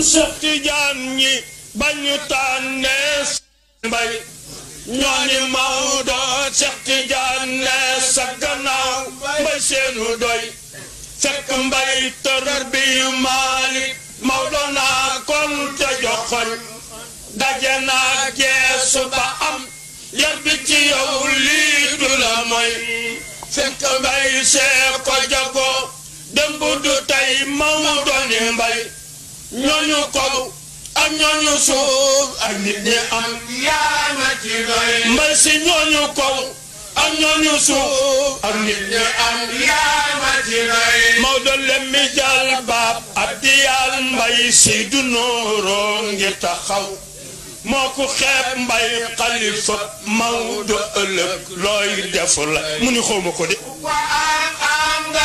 Seex Tijaan ñi bañu tànnee mbay ñooni Maodo Seex Tijaan ne sa gannaaw mbay seenu doy fekk mbay tërër bi Maalik Maodo naa kon te daje naa geesu ba am yar yow lii du la mooy fekk mbay see ko jago démb du ni mbay ñooñu kaw ak ñooñu suuf ak nit ñi am. yaa ma ci doy. si ñooñu kaw ak ñooñu suuf ak nit ñi am. yaa ma ci doy. Jaal Baab Abdi Yaal Mbay si nooroo ngir taxaw. moo ko xeeb mbay xalifa Maodo ëllëg looy def mu ni xawma ko de. wa am am nga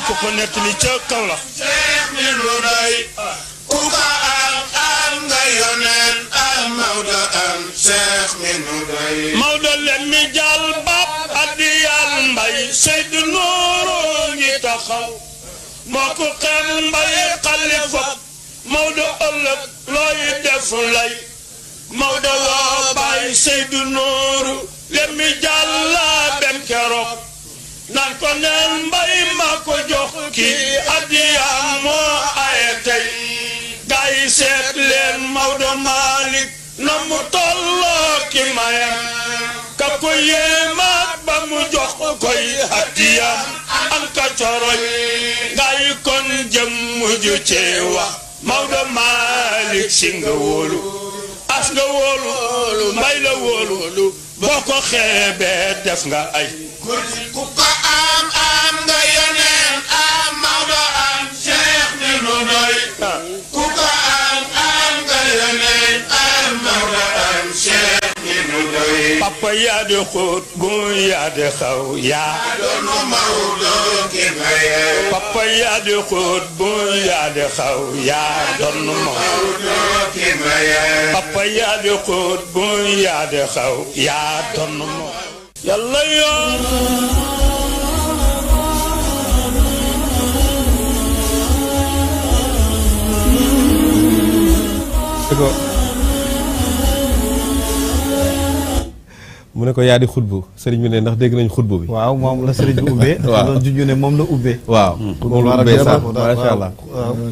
maa ko ko nettali ca kaw la seex mi lu doy ku ko am am nga yoneen am Maodo am seex mi lu doy Maodo leen mi jàll bab addi yàll mbay Seydou Nourou ngi taxaw moo ko xam mbay xalifa Maodo ëllëg looy def lay Maodo loo bàyyi Seydou Nourou leen mi jàll laa dem keroog nan ko neen mbay ko jox ki addiya moo aye tey gay seet leen Maodo Malick na mu tolloo ki ka ko yéemaat ba mu jox koy addiya am ka coroñ gay kon jëm mujj cee wax Maodo Malick si nga wóolu as nga wóolu mbay la wóolu boo ko xeebee def nga ay lu doy ku ko am am nga yoneen am Maodo am Cheikh ni lu doy papa yaa di xóot bu yaa di xaw yaa doonu Maodo ki maye papa yaa di xóot bu yaa di xaw yaa doonu Maodo ki maye papa yaa di xóot bu yaa di xaw yaa doonu Maodo yàlla yoon 这个。mu ne ko yaa di xutbu sëriñ bi ne ndax dégg nañ xutbu bi. waaw moom la sëriñ bi ubbee. moom la ubbee. waaw moom la ubbee sax macha allah.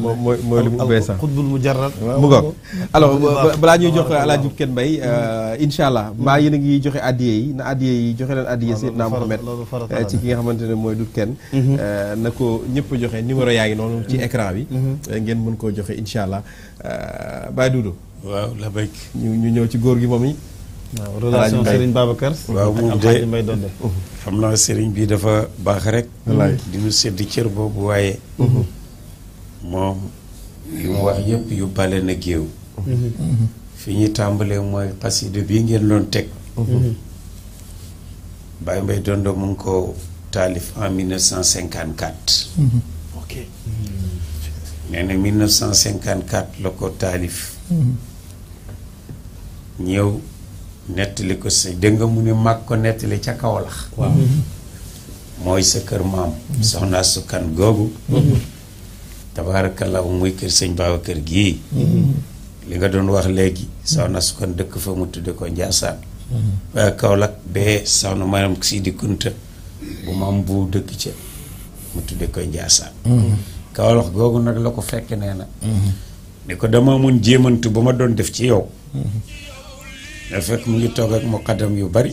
moom mooy mooy li mu ubbee sax. xutbul mu jaral. mu ngoog alors balaa ñuy jox alaaj Jub Kenn Mbaye mm. euh, incha allah mbaa yéen a ngi joxe addiye yi na addiye yi joxe leen addiye Seydina Mohamed euh, ci ki nga xamante ne mooy dut kenn. Mm-hmm. Euh, na ko ñëpp joxe numéro yaa ngi noonu ci mm-hmm. écran bi. Mm-hmm. ngeen mën koo joxe incha allah Baye Doudou. waaw la béyk ñu ñu ñëw ci góor gi moom yi waaw relation Serigne Babacar. moom de xam naa Serigne bi dafa baax rek. wallaay di cër boobu waaye. Mhm. moom yu mu wax yëpp yu bale na géew. Mhm. fi ñu tàmbalee mooy xasida bii ngeen doon teg. Mhm. Baye Mbay Donde mu ngi taalif en la ko taalif. ñëw. nettali ko sa dégg nga mu ne mag ko nettali ca Kawlax waaw mm-hmm. mooy sa kër maam mm-hmm. soxnaa sukkan googu mm-hmm. tabaarakallahu muy kër sëñ Babacar gii li nga doon wax léegi soxna sukkan dëkk fa mu tudde koo Njaasaan waaye Kaolack bee soxna sii Sidi Kunta bu maam bu dëkk ca mu tudde ko Njaasaan Kaolack googu nag la ko fekk nee na ni ko dama mun jéemantu ba ma doon def ci yow nga fekk mu ngi toog ak muqaddam yu bari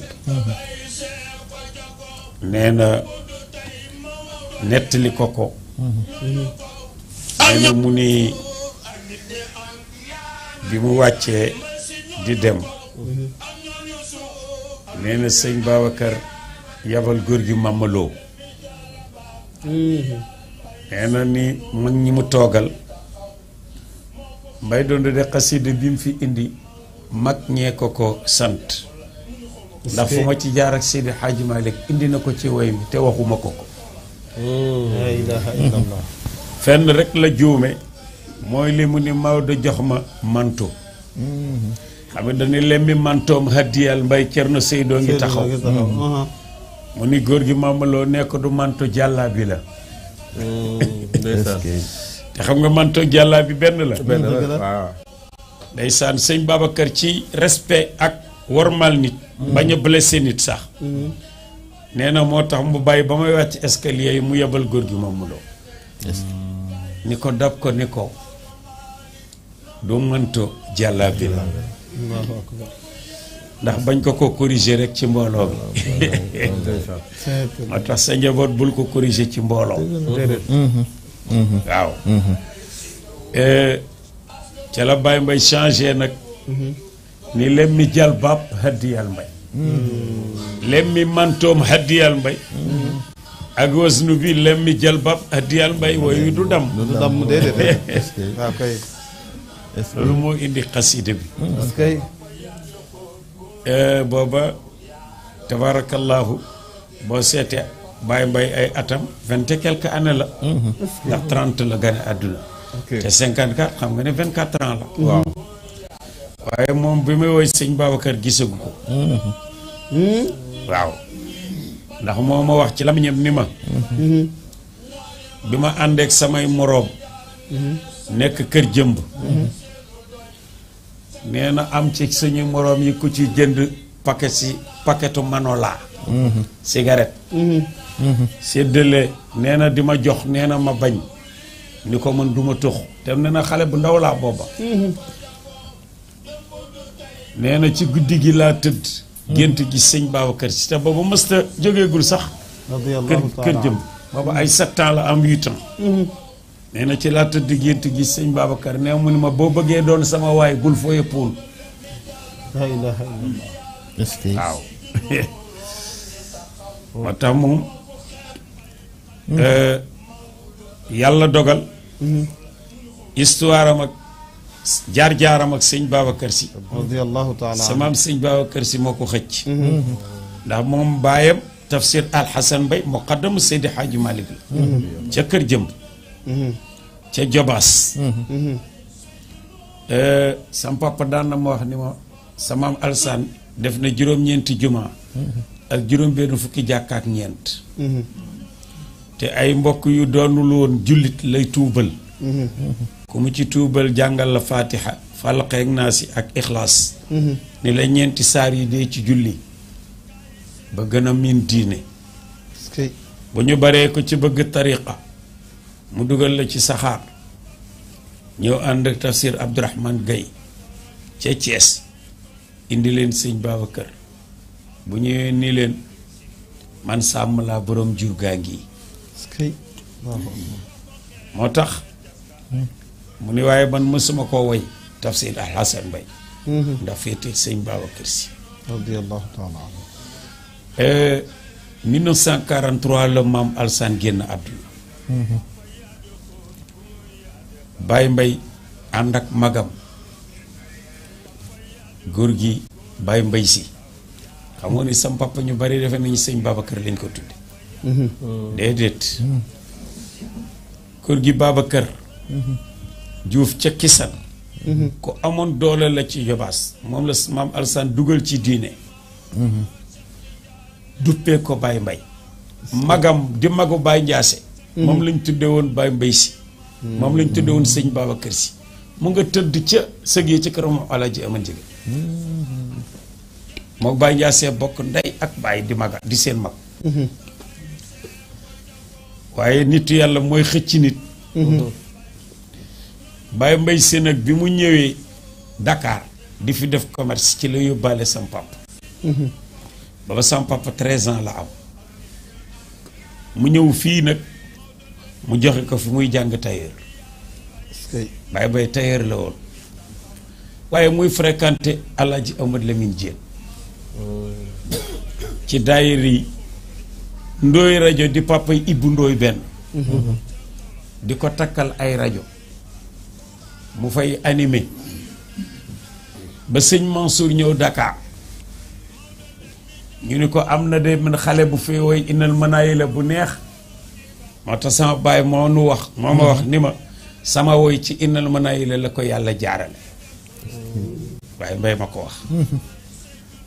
nee na nettali ko ko nee mu ni bi mu wàccee di dem nee na sëñ Babacar yabal góor gi màmmaloo nee na ni mag ñi mu toogal mbay doon de xasida bi mu fi indi mag ñee ko ko sant ndax fu ma ci jaar ak Seydi Hadji indi na ko ci woy te waxuma ko ko hmm. fenn rek la juume mooy li mu ni Maodo jox ma manto hmm. xam nga dañu lemmi mantoom haddiyal mbay Cerno Seydoo ngi taxaw hmm. uh-huh. mu ni góor gi maamaloo nekk du manto jàllaa bi la te xam nga manto jàllaa bi benn la benn day ndeysaan sëñ Babacar ci respe ak wormal nit bañ a blessé nit sax nee na moo tax mu bàyyi ba may wàcc escalier yi mu yebal góor gi moom ni ko dab ko ni ko doo mënto jàlla bi la ndax bañ ko ko corriger rek ci mbooloo moo tax sa njaboot bul ko corriger ci mbooloo waaw mm-hmm. Mm-hmm. Eh, ca la Baye Mbaye changé nag mhm. ni lemmi jal bab hadiyal mbay mhm. lemmi mantom hadiyal mbay mhm. ak wasnu bi lemmi jal bab hadiyal mbay way du dam du dam dede déedéet wa kay loolu mo indi xasida bi kay eh, baba tabarakallah bo seetee bay mbay ay atam 20 quelques années la ndax trente la gane aduna te 54 xam nga ne 24 ans la. Mhm. waaw waaye moom bi may woy sëñ Babacar gisagu ko. Mhm. Hmm? waaw ndax moo ma wax ci lamiñam ni ma. bi ma àndeek samay moroom. Mhm. nekk kër jëmb. nee na am ci suñu moroom yi ku ci jënd paquet si paquetu manola. cigarette. séddale nee na di ma jox nee na ma bañ. ni ko man duma tox te ne na xale bu ndaw laa booba mhm. nee ci guddi gi laa tëdd mhm. gént gi sëñ Babacar Si te booba mës ta jógeegul sax kër jëm booba ay sept la am huit ans mhm. na ci laa tëdd gént gi sëñ Babacar nee mu ni ma boo bëggee doon sama waay bul fooye pool waaw moo moom eh, yàlla dogal Mm-hmm. histoire am ak jaar-jaaram ak sëñ Babacar Si radiyallahu taala sa maam Si moo ko xëcc mm-hmm. ndax moom baayam tafsir alxasan bay muqaddamu Seydi Xaaji mm-hmm. ca kër jëmb ca jobaas eh, sam papa daan def na juróom-ñeenti juma ak juróom benn fukki jàkkaak ñeent te ay mbokk yu doonul woon jullit lay tuubal mhm. ku mu ci tuubal jàngal la fatiha ak naasi ak ikhlas mhm. ni la ñeenti saar yi dee ci julli ba gën a miin diine bu ñu baree ko ci bëgg tariqa mu dugal la ci saxaar ñëw ànd ak tafsir gay ca indilin indi leen sëñ Babacar bu ñëwee ni leen man sàmm laa borom jur gaa moo tax mu ni waaye man mësuma koo woy tafsir Hasan mbay mm-hmm. ndax féete sëñ Babacar Si radiyallahu taala 1943 eh, la maam Alsaan génn àdduna mm-hmm. Baye Mbay andak magam gorgi gi Baye Mbay si xam sam papa ñu bari defe nañu sëñ Babacar liñ ko tudde déedéet kër gi Babacar Diouf ca Kisan ku amoon doole la ci yobaas moom la maam Alsaan dugal ci diine duppee ko Baye Mbay magam di magu Baye Njaase moom lañ tuddee woon Baye Mbay si moom lañ tuddee woon sëñ Babacar si mu nga tëdd ca sëg yi ca këram Alaaji Aman Jege moo Baye Njaase bokk ndey ak Baye di maga di seen mag waaye nit yàlla mooy xëcc nit mhm. Baye mbay Sy nag bi mu ñëwee Dakar di fi def commerce ci la yóbbaale sam papa mhm. baba sam papa ans la am mu ñëw fii nag mu joxe ko fu muy jàng tailleur Baye Mbaye tailleur la woon waaye muy fréquenté Alaaji Amad Lamine Diène oh. ci daayira yi ndooy rajo di papa Ibou ndooy benn mhm. di ko takkal ay rajo mu fay animé ba sëñ Mansour ñëw Dakar ñu ni ko am na de man xale bu fi woy inal mënaay la bu neex moo tax sama baay moo nu wax moo ma wax ni ma sama woy ci inal mënaay la la ko yàlla jaarale waaye mbay ma ko wax mhm.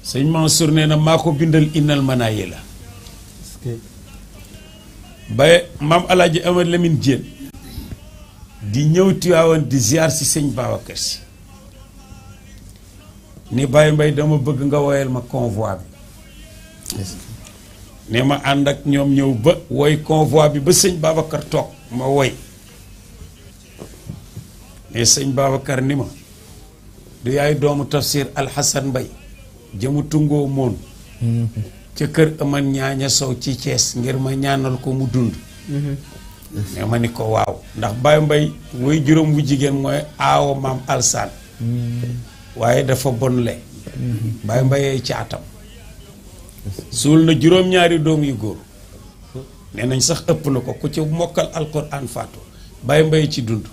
sëñ Mansour nee na maa ko bindal inal mënaay la ba maam alaaji Amar Lamine Diène di ñëw Tiwaawan di ziar si sëñ Babacar Si ni Baye mbay dama bëgg nga woyal ma convoi bi ne ma ànd ak ñoom ñëw ba woy convoi bi ba sëñ Babacar toog ma woy ne sëñ Babacar ni ma du yaay doomu tafsir Alxasan Mbay jëmu tungoo moon mm-hmm. ca kër ñaaña sow ci Thiès ngir ma ñaanal ko mu dund mm-hmm. mais ma ni ko waaw ndax Baye Mbaye mooy juróom wu jigéen mooy aawo maam alsaan mm-hmm. waaye dafa bonle mm-hmm. Baye Mbaye ci atam suul na juróom-ñaari doom yu góor nee nañ sax ëpp na ko ku ci mokkal alquran faatu Baye Mbaye ci dund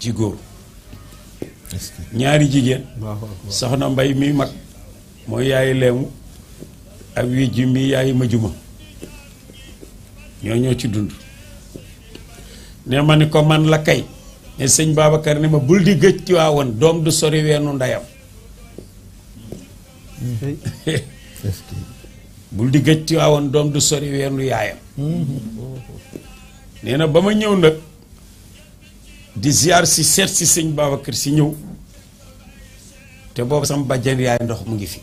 ci góor ñaari jigéen soxna mbay mi mag mooy yaayu leemu ak yu jimmi yaay ma juma ñoo ñoo ci dund ne ma ni ko man la kay ne sëñ Babacar ne ma bul di gëj ci waa doom du sori weenu ndeyam bul di gëj ci doom du sori weenu yaayam nee na ba ma ñëw nag di ziar si seet si sëñ Babacar si ñëw te boobu sama bàjjan yaay ndox mu ngi fi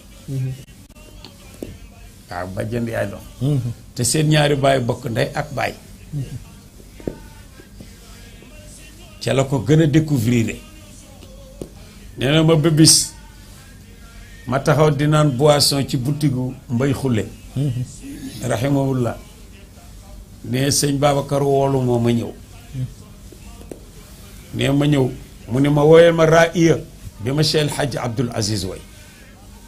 waaw bàjjen yaay dox hmm. te seen ñaari baay bokk ndey ak baay ca la ko gën a découvrir nee na ma ba ma taxaw di naan boisson ci butigu mbay xulle hmm. rahimahullah ne sëñ Babacar woolu moo ma ñëw hmm. ne ma ñëw mu ne ma wooyal ma raaya bi ma Cheikh El Hadj Abdoul Aziz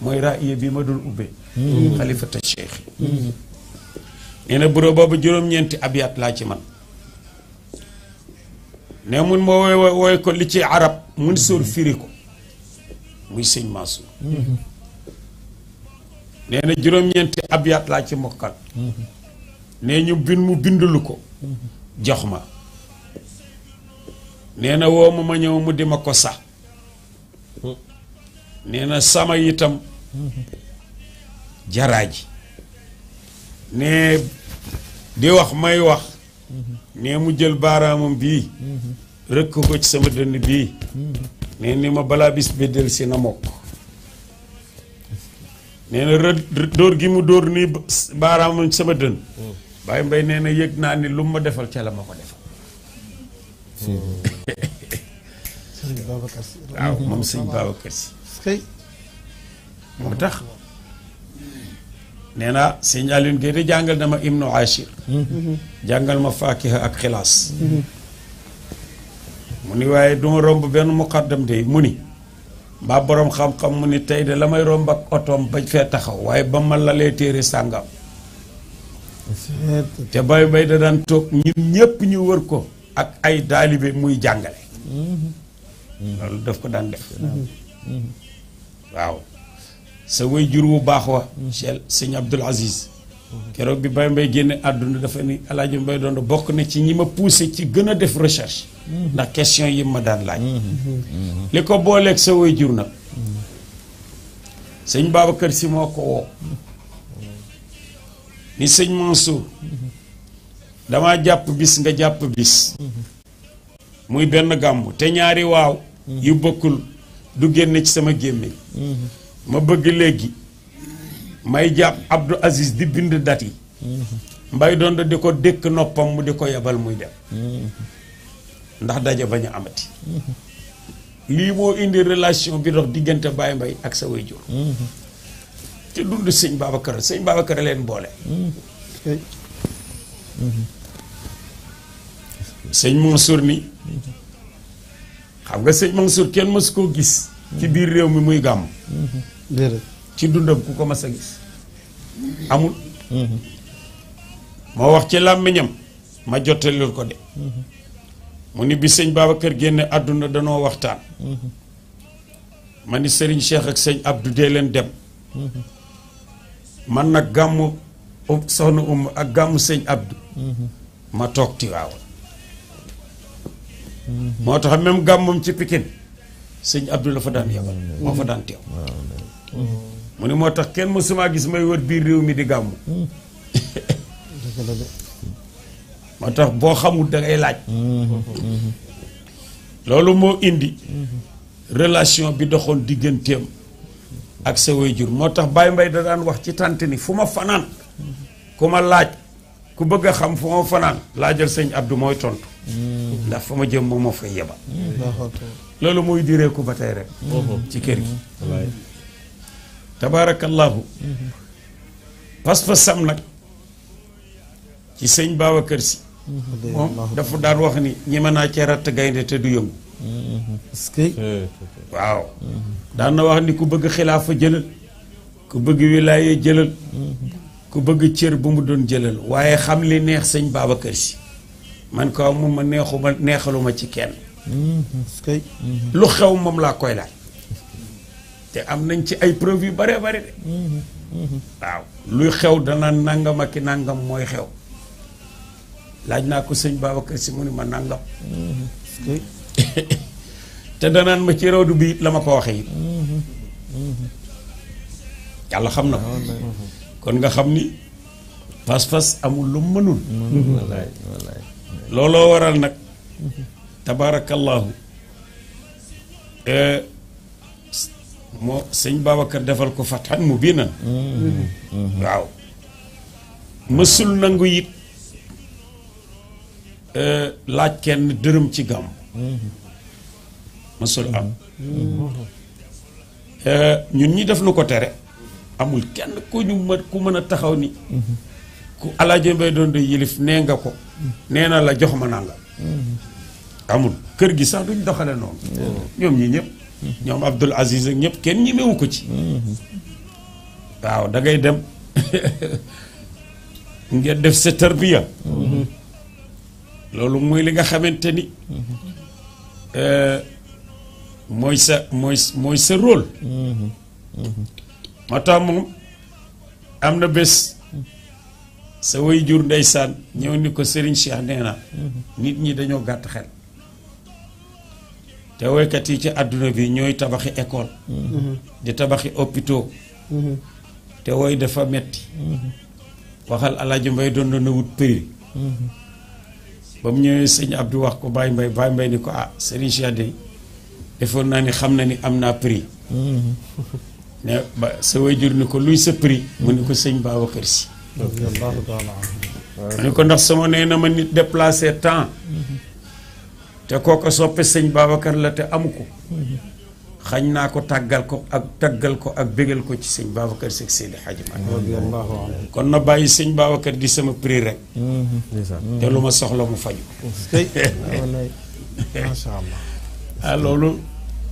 mooy raaya bi ma dul ubbee xalifata mm-hmm. cheikh yi mm-hmm. mm-hmm. nee na juróom-ñeenti abiyat laa ci man ne mun ma wooy wooy ko li ci arab mun sóor firi ko muy sëñ Mansour nee juróom-ñeenti abiyat laa ci mokkal nee ñu bind mu bindulu ko jox ma nee na woo ma ñëw mu di ko sax nee sama itam jaraaji ne di wax may wax ne mu jël baaraamam bi rek ko ci sama dënd bi ne ne ma bala bis bi del si na mok ne na door gi mu door ni baaraamam sama dënd bay mbay ne na yek na ni lu ma defal ci la mako defal Mam sing sëñ Babacar Nena senjalin gede Alioune nama imno jàngal na ma Ibnu Achir jàngal ma faakiha ak khilas muni waye waaye romb ben muqaddam de muni ba borom xam-xam muni tay de lamay romb ak otom ba fe taxaw waye ba ma lalee téere sangam te bay bay da dan tok ñun ñepp ñu wër ko ak ay daalibe muy jàngale lolu daf ko dan def waaw sa way jur wu baax wa Cheikh sëñ Abdoul Aziz keroog bi Baye Mbaye génne àdduna dafa ni Alaaji Mbaye doon bokk na ci ñi ma poussé ci gën a def recherche ndax question yi ma daan laaj li ko booleeg sa way jur nag sëñ Babacar Si moo ko woo ni sëñ Mansour dama jàpp bis nga jàpp bis muy benn gàmmu te ñaari waaw yu bokkul du génn ci sama gémmiñ ma bëgg léegi may jàpp Abdou Aziz di bind dat yi mbay doon di ko dékk noppam mu di ko yebal muy dem ndax daja bañ a amati lii moo indi relation bi dox diggante Baye mbay ak sa waajur ci dund sëñ Babacar sëñ Babacar leen boole sëñ Mansour ni xam nga sëñ Mansour kenn mësu koo gis ci biir réew mi muy gàmm. ci dundam ku ko mas a gis amul. Mhm. moo wax ci làmmiñam ma jottalil ko de. Mhm. mu ni bi sëñ kër génne àdduna danoo waxtaan. Mhm. ma ni Serigne Cheikh ak sëñ Abdou dee leen dem. man nag gàmmu um, soxna um ak gàmmu sëñ Abdou. ma toog Tiwaawan. moo tax même gàmmum ci Pikine. sëñ Abdoulaye fa daan yabal mm. mo fa daan tew mo mm. mm. ni motax ken musuma gis may wër bir rew mi di gam motax bo xamul da ngay laaj mm-hmm. mo indi relation bi doxone digentem ak sa wayjur motax Baye mbay da daan wax ci tante ni fuma fanan kuma Abdul laaj ku bëgg xam fuma ma laajal seigne Abdou moy tontu ndax fuma jëm mo mo fay yeba mm-hmm. loolu mooy direeku ba tey rek. ci kër gi. wallaay tabaarakallahu. Mhm. sam nag ci sëñ Babacar Si. moom dafa daan wax ni ñeme naa cee ratt gaynde te du yëngu. Mhm. est-ce waaw. Mhm. daan na wax ni ku bëgg xilaafa jëlal. ku bëgg wilaaye jëlal. ku bëgg cër bu mu doon jëlal waaye xam li neex sëñ Babacar Si man kaw moom neexuma neexaluma ci kenn. Mhm, mhm. lu xew moom laa koy laaj te am nañ ci ay preuve yu bare bare de mhm, waaw luy xew danaan nàngam ak i nàngam mooy xew laaj naa ko sëñ Babacar si mu ni ma nàngam te danaan ma ci rawdu bi la ma ko waxee it yàlla xam na ko kon nga xam ni fas fas amul lu mënul looloo waral nag tabaarakallaahu e, moo sëñ Babacar defal ko fatxan mu binan waaw mësul nangu it e, laaj kenn dërëm ci gàmm mësul am e, ñun ñi def nu ko tere amul kenn ku mën ku mën a taxaw ni ku alaaji mbay doon de yilif nee nga ko nee na la jox ma nangam amul kër gi sax duñ doxale noonu. ñoom ñi ñëpp. ñoom Abdoul Aziz ak ñëpp kenn ñemewu ko ci. waaw dangay dem ngeen def sa tarbiya loolu mooy li nga xamante ni eh, mooy sa mooy mooy sa rôle. moo tax moom am na bés sa way jur ndeysaan ñëw ni ko Serigne Cheikh nee na nit ñi dañoo gàtt xel. te woykat yi ci àdduna bi ñooy tabaxi école di tabaxi hôpitaux te woy dafa metti waxal alaaji mbay doon na wut prix ba mu ñëwee sëñ Abdou wax ko Baye mbay Baye mbay ni ko ah Serigne Cheikh de defoon naa ni xam na ni am naa prix ba sa wayjur ni ko luy sa prix mu ni ko sëñ Babacar Si mu ni ko ndax sama nee na ma nit déplacé temps te kooko soppe sëñ Babacar la te amu ko xañ naa ko tàggal ko ak tàggal ko ak bégal ko ci sëñ Babacar Seck Seydi xaj Malick kon na bàyyi sëñ Babacar di sama prix rek mhm. te lu ma soxla mu faju ah, loolu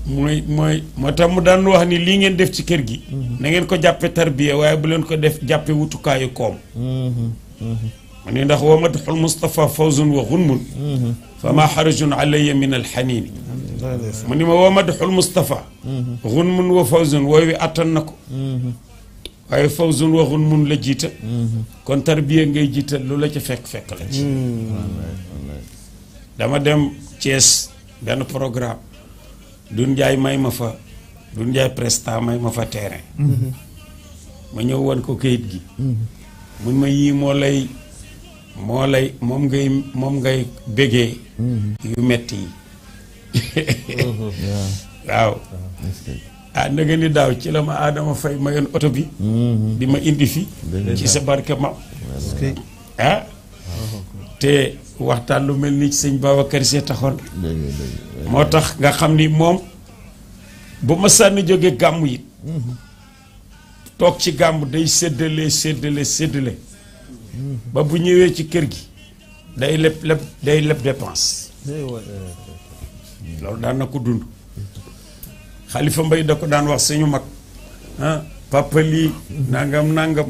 mooy mooy moo tax mu daan wax ni lii ngeen def ci kër gi mhm. na ngeen ko jàppe tarbiya waaye bu leen ko def jàppee wutukaayu koom mhm. mu ne ndax wa madxul Moustapha fawzun wa xunmun fama xarajun alayya min alxanini mu ni ma wa madxul Moustapha xunmun wa fawzun wooy wi attan na ko waaye fawzun la jiital kon tarbiya ngay jiital lu la ca fekk-fekk la ci dama dem Thiès benn programme Dun Njaay may ma fa Dun Njaay presta may ma fa terrain ma ñëw wan ko kayit gi mun ma yii moo lay moo lay moom ngay moom ngay bégee mm-hmm. yu metti yi mm-hmm. waaw ah na ni daaw ci la ma Adama Faye mayoon oto bi mm-hmm. di ma indi fi ci sa barke ma ah. te waxtaan lu mel ni ci sëñ Babacar Sy taxoon moo tax nga xam ni moom bu ma sànni jóge gàmm yi toog ci gàmm day séddale séddale séddale ba bu ñëwé ci kër gi day lepp lepp day lepp dépense eh loolu daan na ko dund khalifa mbay da ko daan wax suñu mak ah papa li nangam nangam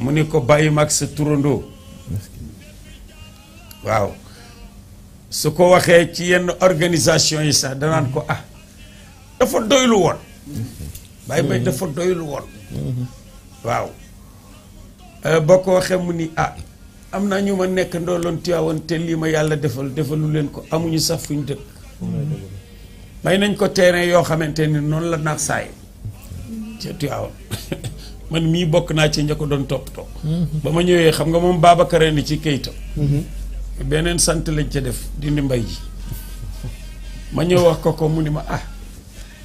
mu ne ko bayyi mak sa turandoo waaw su ko waxé ci yenn organisation yi da ko ah dafa doylu woon bàyyi bay dafa doylu won mm-hmm. waaw Euh, boo ko mu ni ah am na ñu ma nekk ndooloon Tiwaawan te lii ma yàlla defal defalu leen ko amuñu sax fu ñu dëkk may nañ ko terrain yoo xamante ni noonu la naax saay ca Tiwaawan man mii bokk naa ci ña ko doon toppatoo ba ma ñëwee xam nga moom Babacar ni ci kayitam beneen sant lañ ca def dindi mbay ji ma ñëw wax ko ko mu ni ma ah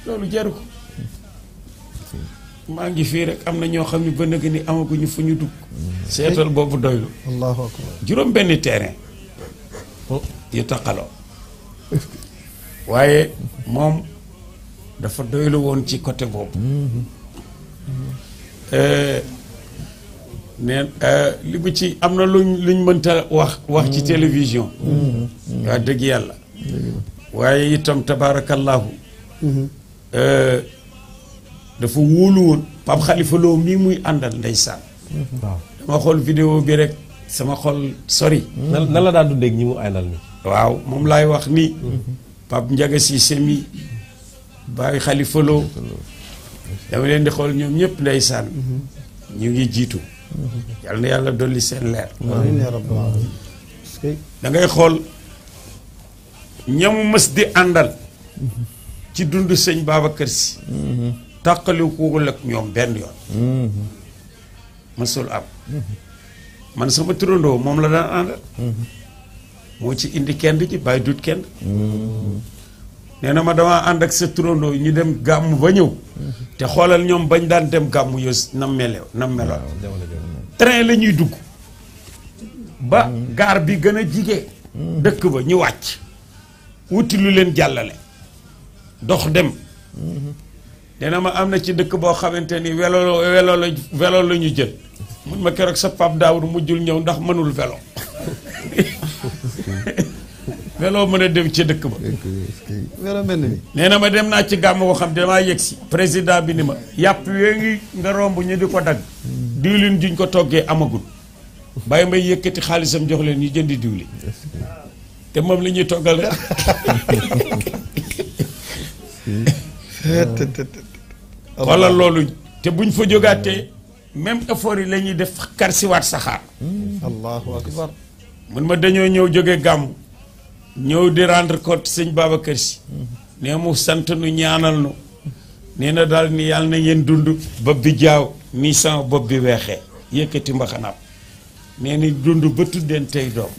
loolu jaru maa ngi fii rek am na ñoo xam ne ba nag ni amaguñu fu ñu dugg. seetal boobu doylu. allahu akbar juróom benn terrain. Oh. yu taqaloo. waaye moom dafa doylu woon ci côté boobu. neen mm-hmm. eh, eh, li mu ci am na luñ luñ mënta wax. wax ci mm-hmm. télévision. Mm-hmm. waa dëgg yàlla. waaye itam tabaarakallaahu. Eh, dafa wóolu woon Pape mii muy àndal ndeysaan. dama xool vidéo bi rek sama xol sori. na la daan dundee ñi mu àndal ni waaw moom laay wax ni. Mhm. pab Ndiaga Cissé mi Baye Khalifa Lo dama leen di xool ñoom ñëpp ndeysaan. Mhm. ñu ngi jiitu. Mhm. yal na yàlla dolli seen leer. da ngay xool ñamu mës di àndal. ci dund sëñ Babacar Si tàqalikuwul ak ñoom benn yoon mm-hmm. ma mësul am man sama turandoo moom la daan ànd mm-hmm. moo ci indi kenn ci bàyyi dut kenn mm-hmm. nee na ma damaa ànd ak sa turandoo ñu dem gàmm ba ñëw te xoolal ñoom bañ daan dem gàmm yos nam melew train la ñuy dugg ba gaar bi gën a jige dëkk ba ñu wàcc wuti lu leen jàllale dox dem dina ma am na ci dëkk boo xamante ni welo welo la welo la ñu jël mun ma keroog sa pap daawur mujjul ñëw ndax mënul welo welo mën a dem ci dëkk ba. welo nee na ma dem naa ci gàmm boo xam damaa yegg si. président bi ni ma. yàpp yooyu ngi nga romb ñu di ko dagg. diwlin duñ ko toggee amagul. bàyyi may yëkkati xaalisam jox leen ñu jëndi diwlin. te moom la ñuy toggal rek. wala loolu te bu buñ fa jógaatee même effort yi la ñuy def kar siwaat saxaar hmm. mun ma dañoo ñëw jóge gàmm ñëw di rendre compte sëñ Babacar Si hmm. nee mu sant nu ñaanal nu nee na daal ni yàlla na ngeen dund bopp bi jaaw nii sama bopp bi weexee yëkkati mbaxanaam nee ni dund ba tuddeen tey doom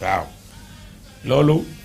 waaw loolu